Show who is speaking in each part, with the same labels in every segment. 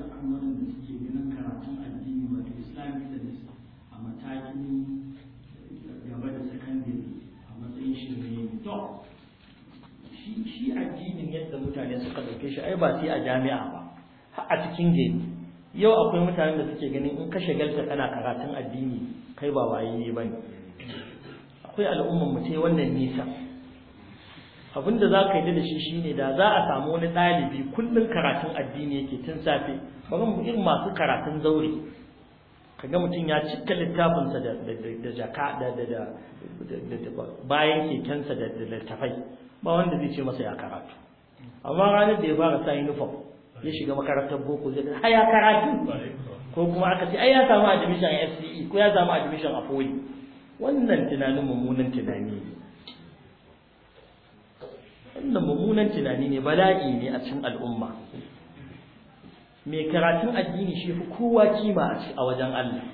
Speaker 1: ta al'amuran da suke ganin karatun addini wato islamic studies a matakin gaba da sakandare a matsayin shirme ne to shi addinin yadda mutane suka dauke shi ai ba sai a jami'a ba har a cikin gari yau akwai mutanen da suke ganin in ka shagalta kana karatun addini kai ba waye ne bane akwai al'ummar mu sai wannan nisan abinda za ka yi da shi shi ne da za a samu wani ɗalibi kullum karatun addini yake tun safe bari mu irin masu karatun zaure kaga mutum ya cika littafinsa da jaka da bayan kekensa da littafai ba wanda zai ce masa ya karatu amma ranar da ya fara sa uniform ya shiga makarantar boko zai ga ya karatu ko kuma aka ce ai ya samu admission FCE ko ya samu admission a foli wannan tunanin mummunan tunani ne wannan mummunan tunani ne bala'i ne a cikin al'umma mai karatun addini shi fi kowa kima a wajen Allah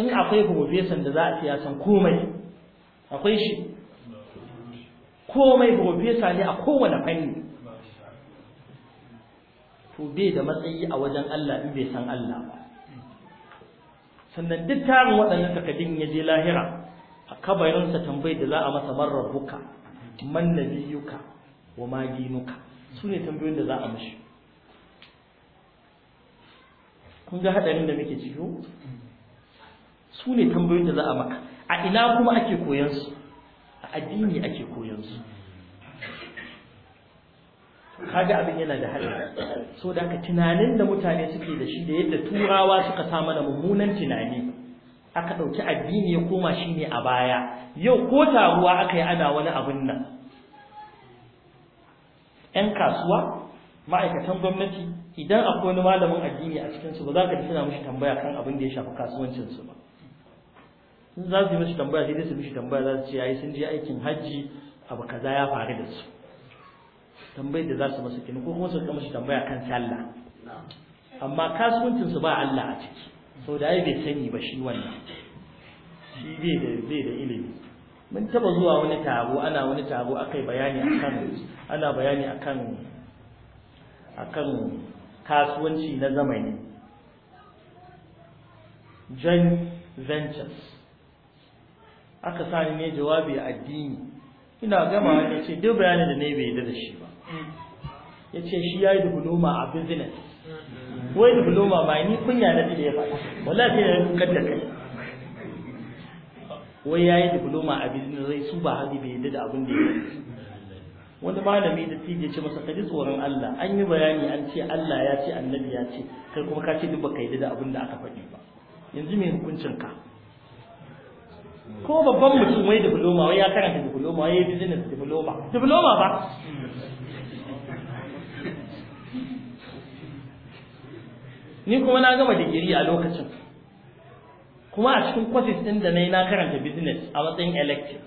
Speaker 1: in akwai profesan da za a fiye san komai akwai shi komai profesa ne a kowane fanni to bai da matsayi a wajen Allah in bai san Allah ba sannan duk tarin waɗannan takadin ya je lahira a kabarinsa tambayi da za a masa marar buka man nabiyuka wa madinuka. su ne tambayoyin da za a mashi kun ga haɗarin da muke ciki su ne tambayoyin da za a maka a ina kuma ake koyan su a addini ake koyan su kaga abin yana da hali. so da ka tunanin da mutane suke da shi da yadda turawa suka sa mana mummunan tunani aka ɗauki addini ya koma shi ne a baya yau ko taruwa aka yi ana wani abin nan ‘yan kasuwa ma'aikatan gwamnati idan akwai wani malamin addini a cikinsu ba za ka ji suna mishi tambaya kan abin da ya shafi kasuwancinsu ba sun za su yi mishi tambaya sai dai su mishi tambaya za su ce yayi sun je aikin hajji abu kaza ya faru da su tambayar da za su masa kini ko kuma su ka mishi tambaya kan sallah amma kasuwancinsu ba Allah a ciki so da ai bai sani ba shi wannan shi bai da ilimi mun taba zuwa wani taro ana wani taro akai bayani akan ana bayani akan akan kasuwanci na zamani joint ventures aka sani ne jawabi a addini ina gama wani ce duk bayanin da ne bai yi da shi ba mm. ya ce shi ya yi diploma a business wai diploma ba ni kunya na ji ya faɗa wallahi sai ya dukar da kai wai yayi diploma a business zai su ba hadi bai yadda da abin da yake wanda malami da tije ce masa kaji tsoron Allah an yi bayani an ce Allah ya ce annabi ya ce kai kuma ka ce duk baka yadda da abin da aka faɗi ba yanzu me hukuncin ka ko babban mutum wai diploma wai ya karanta diploma wai business diploma diploma ba ni kuma na gama digiri a lokacin kuma a cikin courses ɗin da na yi na karanta business a matsayin elective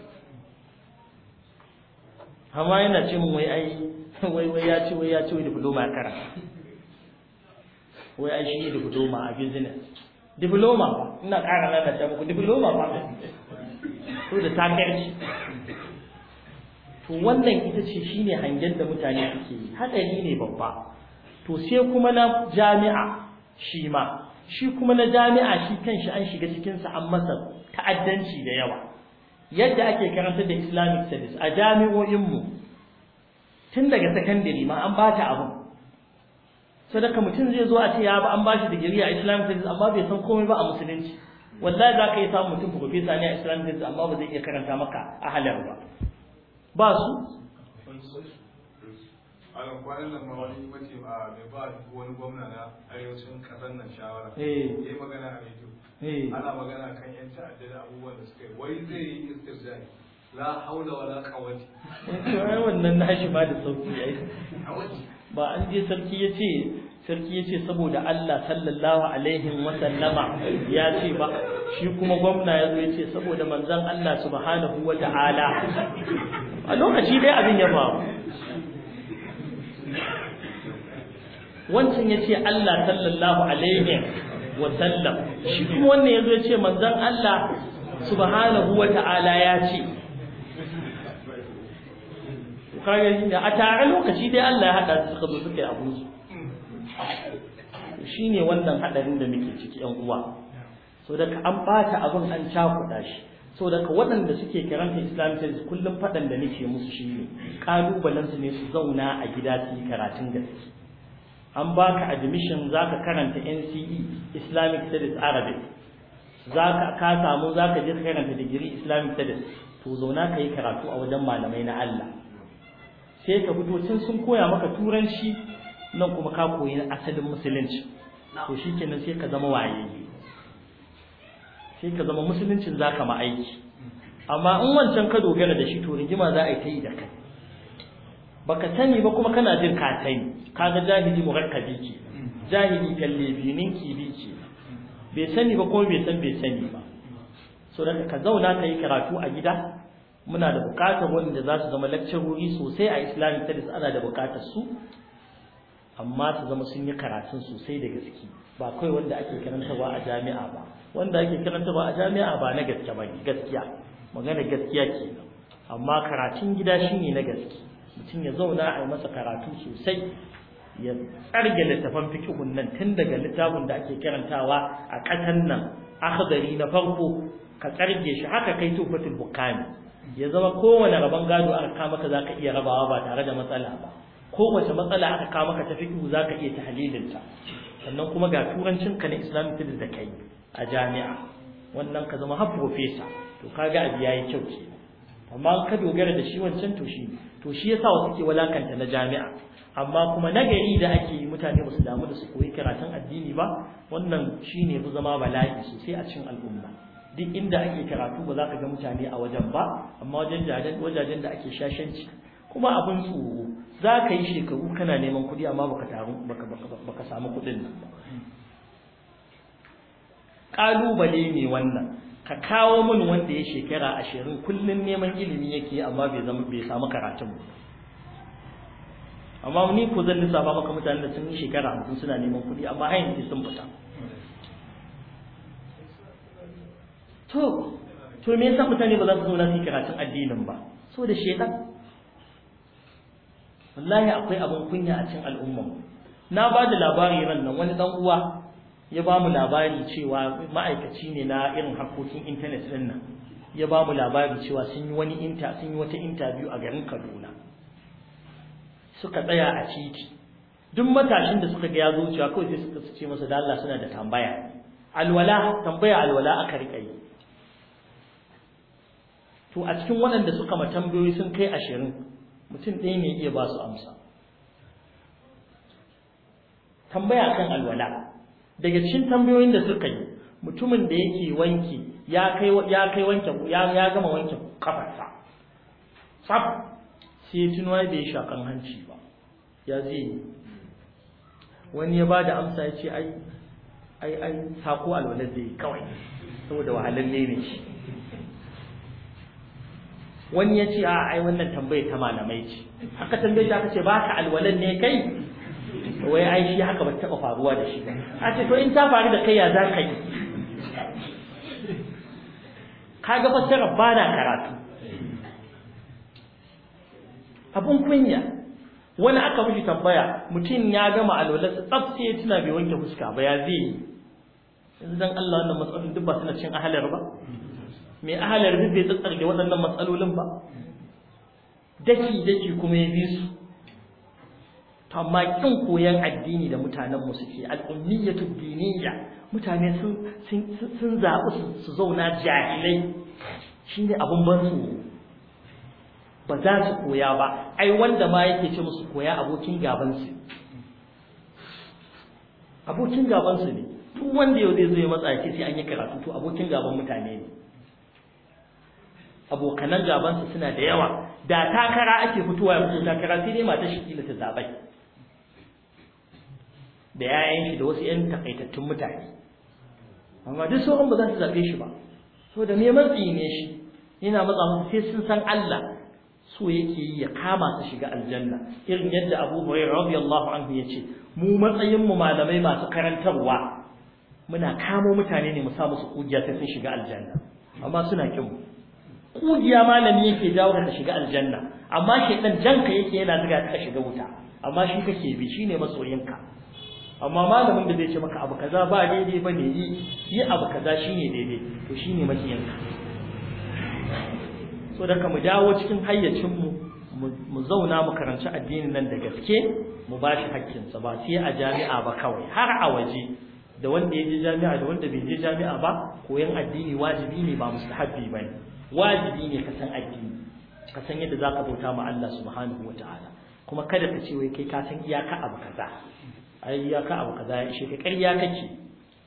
Speaker 1: amma yana ce mun wai ai wai wai ya ce wai ya ce wai diploma kara wai ai shi ne diploma a business diploma ba ina ƙara lalata muku diploma ba to da ta kai to wannan ita ce shine hangen da mutane suke yi haɗari ne babba to sai kuma na jami'a shi ma shi kuma na jami'a shi kanshi an shiga cikinsa an masa ta'addanci da yawa yadda ake karanta da islamic studies a jami'o'inmu tun daga sakandare ma an ba ta abu sadaka mutum zai zo a ce ya an ba digiri a islamic studies amma bai san komai ba a musulunci wallahi zaka ka yi samun mutum fesa ne a islamic studies amma ba zai iya karanta maka a halar ba
Speaker 2: ba su Alam kwanan nan ma wani mace ba mai ba wani gwamna na arewacin kasar nan shawara. Eh. ya yi magana a rediyo. Eh. Ana magana kan yan ta'adda da abubuwan da suka yi. Wai zai yi istirjani. La haula wala qawwata. Eh wannan nashi ma da sauki ai.
Speaker 1: Ba an je sarki ya ce sarki ya ce saboda Allah sallallahu alaihi wa sallama ya ce ba shi kuma gwamna ya zo ya ce saboda manzon Allah subhanahu wa ta'ala
Speaker 2: a lokaci dai abin
Speaker 1: ya faru wancan ya ce Allah sallallahu alaihi wa sallam shi kuma wannan ya zo ya ce manzon Allah subhanahu wa ta'ala ya ce kaga da a tare lokaci dai Allah ya hada suka zo suka yi abu shi ne wannan hadarin da muke ciki yan uwa so daga an bata abun an cakuɗa shi so daga waɗanda suke karanta islamic studies kullum faɗan da nake musu shi ne ƙalubalen su ne su zauna a gida su yi karatun gaske an baka admission zaka karanta NCE Islamic Studies Arabic zaka ka samu zaka je karanta digiri Islamic Studies to zauna kai karatu a wajen malamai na Allah sai ka fito tun sun koya maka turanci nan kuma ka koyi asalin musulunci to shikenan sai ka zama waye sai ka zama musuluncin zaka ma aiki amma in wancan ka dogara da shi to rigima za a yi ta yi da kai baka sani ba kuma kana jin ka sani kaga jahili murakkabi ce jahili kalle binin kibi ce bai sani ba ko bai san bai sani ba so dan ka zauna ka yi karatu a gida muna da bukatar wanda za su zama lakcarori sosai a islamic studies ana da bukatar su amma su zama sun yi karatun sosai da gaske ba kai wanda ake ba a jami'a ba wanda ake ba a jami'a ba na gaske ba gaskiya magana gaskiya ke amma karatun gida shine na gaske mutum ya zauna a yi masa karatu sosai ya tsarge littafan fikihun nan tun daga littafin da ake karantawa a ƙasan nan akhdari na farko ka tsarge shi haka kai tufatul bukami ya zama kowane rabon gado aka kama ka zaka iya rabawa ba tare da matsala ba kowace matsala aka kama ka ta fikihu zaka iya tahlilinta sannan kuma ga turancin ka na islamic studies da kai a jami'a wannan ka zama har professor to kaga abu yayi kyau ke amma ka dogara da shi wancan to shi to shi yasa wa ke walakanta na jami'a amma kuma nagari da ake yi mutane ba su damu da su koyi karatun addini ba wannan shine fi zama bala'i sosai a cikin al'umma duk inda ake karatu ba za ka ga mutane a wajen ba amma wajen wajajen da ake shashanci kuma abin tsoro za ka yi shekaru kana neman kuɗi amma baka taru samu kuɗin nan ba ƙalubale ne wannan ka kawo min wanda ya shekara ashirin kullum neman ilimi yake amma bai samu karatun ba amma ni ko zan lissafa maka mutanen da sun yi shekara hamsin suna neman kuɗi amma hayan ki sun fita to to me yasa mutane ba za su zauna su yi karatun addinin ba so da shedan wallahi akwai abin kunya a cikin al'umman na ba da labari ran nan wani dan uwa ya ba mu labari cewa ma'aikaci ne na irin harkokin intanet din nan ya ba mu labari cewa sun yi wani inta sun yi wata interview a garin Kaduna suka tsaya a titi duk matashin da suka ga ya zuciya kawai sai suka ce masa da Allah suna da tambaya alwala tambaya alwala aka rika yi to a cikin waɗanda suka ma tambayoyi sun kai ashirin mutum ɗaya ne iya ba su amsa tambaya kan alwala daga cikin tambayoyin da suka yi mutumin da yake wanki ya kai ya kai wanke ya gama wanke kafarsa tsaf sai tunuwa bai yi shakan hanci ba ya zai wani ya ba da amsa ya ce ai ai sako alwalar da yi kawai saboda wahalar nemi shi wani ya ce a ai wannan tambayar ta malamai ce Haka tambayi ta ce ba ka alwalar ne kai wai ai shi haka ba taɓa faruwa da shi a ce to in ta faru da kai ya za ka yi ka ga fassara ba na karatu abun kunya wani aka mishi tambaya mutum ya gama alwalarsa tsaf sai ya bai wanke fuska ba ya zai yi yanzu dan Allah wannan matsalolin duk ba suna cin ahalar ba mai ahalar duk bai tsatsarge waɗannan matsalolin ba daki daki kuma ya bi su to amma kin koyan addini da mutanen mu suke al'ummiyatu diniyya mutane sun sun sun zaɓi su zauna jahilai shine abun ban tsoro ba za su koya ba ai wanda ma yake ce musu koya abokin gabansu. abokin gabansu ne duk wanda yau zai zo matsa yake sai an yi karatu to abokin gaban mutane ne abokanan gabansu suna da yawa da takara ake fitowa yanzu fito takara sai dai matar shi kila ta zabai da yayan shi da wasu 'yan takaitattun mutane amma duk sauran ba za su zaɓe shi ba so da me matsi ne shi yana matsa musu sai sun san Allah so yake yi ya kama su shiga aljanna irin yadda Abu Hurairah radiyallahu anhu yace mu matsayin mu malamai masu karantarwa muna kamo mutane ne mu sa musu kugiya sai sun shiga aljanna amma suna kin kugiya malami yake jawo ka shiga aljanna amma shi dan janka yake yana zuga ka shiga wuta amma shi kake bi shine masoyinka amma malamin da zai ce maka abu kaza ba daidai bane yi yi abu kaza shine daidai to shine makiyinka so daga mu dawo cikin hayyacinmu mu zauna mu karanci addinin nan da gaske mu ba shi haƙƙinsa ba sai a jami'a ba kawai har a waje da wanda ya je jami'a da wanda bai je jami'a ba koyan addini wajibi ne ba mustahabbi ne. wajibi ne ka san addini ka san yadda zaka bauta ma Allah subhanahu wataala kuma kada ka ce wai kai ka san iyaka abu kaza ai iyaka abu kaza ya ishe ka ƙarya kake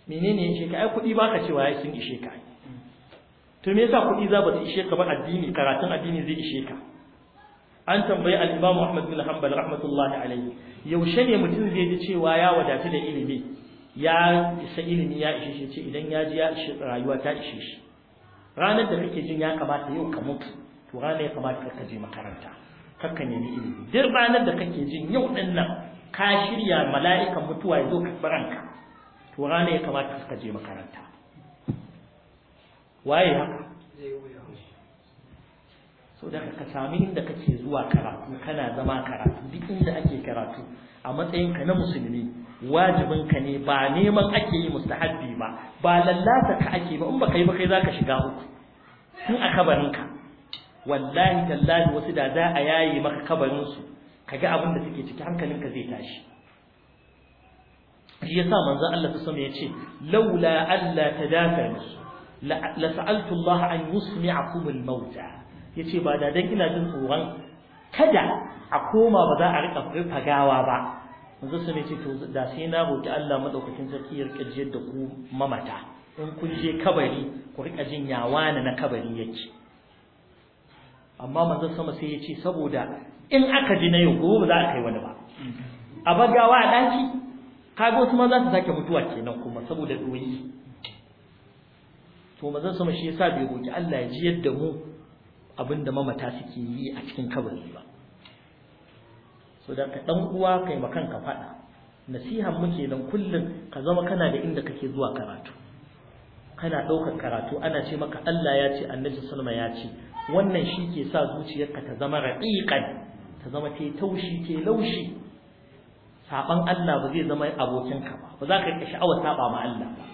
Speaker 1: menene ya ishe ka ai kuɗi baka cewa ya sun ishe ka ai to me yasa kuɗi za ba su ishe ka ba addini karatun addini zai ishe ka an tambayi al-Imam Ahmad bin Hanbal rahmatullahi alayhi yaushe ne mutum zai ji cewa ya wadatu da ilimi ya isa ilimi ya ishe shi idan ya ji ya ishe rayuwa ta ishe shi ranar da kake jin ya kamata yau ka mutu to ranar ya kamata ka je makaranta kakka nemi ilimi duk ranar da kake jin yau din nan ka shirya mala'ikan mutuwa ya zo ka baranka. to ranar ya kamata ka je makaranta waye haka so da ka sami inda kake zuwa karatu kana zama karatu duk inda ake karatu a matsayin ka na musulmi wajibin ka ne ba neman ake yi mustahabbi ba ba lallata ka ake ba in baka yi ba kai zaka shiga uku tun a kabarin ka wallahi tallahi wasu da za a yaye maka kabarin su kaga abin da suke ciki hankalin ka zai tashi shi yasa manzo Allah ta sama yace laula alla tadafa'u la sa'altu Allah an yusmi'akum al yace ba da dan ina jin tsoron kada a koma ba za a rika furta gawa ba manzo sai ce to da sai na roki Allah madaukakin sarki ya rika jiyar da ku mamata in kun je kabari ku rika jin yawa na kabari yake amma manzo sama sai yace saboda in aka ji na yau gobe za a kai wani ba a bagawa a daki kaga wasu maza za su sake mutuwa kenan kuma saboda doyi to manzon sama shi yasa bai roki Allah ya ji yadda mu abinda mamata suke yi a cikin kabari ba so da ka dan uwa kai makan ka faɗa nasihan muke dan kullum ka zama kana da inda kake zuwa karatu kana ɗaukar karatu ana ce maka Allah ya ce annabi sallama ya ce wannan shi ke sa zuciyarka ta zama raqiqan ta zama ta taushi ta laushi saban Allah ba zai zama abokinka ba ba za ka yi sha'awar saba ma Allah ba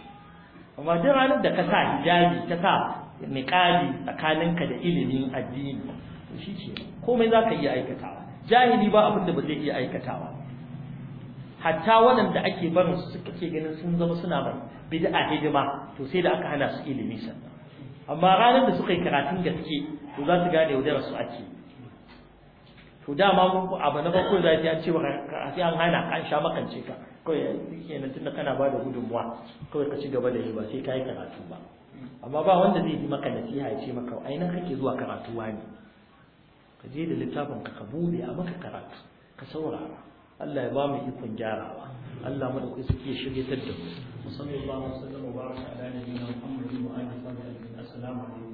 Speaker 1: amma duk ranar da ka sa hijabi ka sa miƙali tsakaninka da ilimin addini to shi ce komai za ka iya aikatawa jahili ba abin da ba zai iya aikatawa hatta waɗanda ake barin su suka ke ganin sun zama suna mai bid'a hidima to sai da aka hana su ilimi sannan amma ranar da suka yi karatun gaske to za su gane yaudarar su ake to dama abu na farko za cewa ce an hana an sha makance ka kawai yana kenan tunda kana da gudunmuwa kawai ka ci gaba da yi ba sai ka yi karatu ba amma ba wanda zai yi maka nasiha ya ce maka ai nan kake zuwa karatu wani ka je da littafin ka ka bude a maka karatu ka saurara Allah ya ba mu ikon gyarawa Allah mu da ku suke shirye da mu
Speaker 2: sallallahu alaihi wa sallam wa baraka ala nabiyyina Muhammadin wa alihi wa sahbihi assalamu alaikum